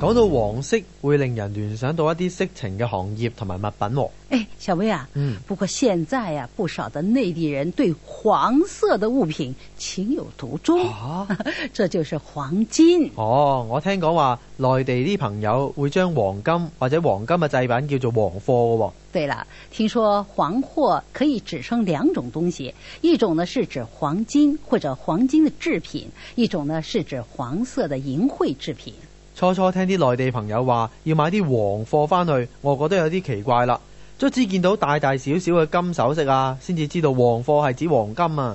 講到黃色，會令人聯想到一啲色情嘅行業同埋物品。誒，小薇啊，不過現在啊，不少的內地人對黃色的物品情有獨鍾，這就是黃金。哦，我聽講話內地啲朋友會將黃金或者黃金的製品叫做黃貨。對啦，聽說黃貨可以指稱兩種東西，一種呢是指黃金或者黃金的製品，一種呢是指黃色的淫穢製品。初初聽啲內地朋友話要買啲黃貨返去，我覺得有啲奇怪啦。卒之見到大大小小嘅金首飾啊，先至知道黃貨係指黃金啊。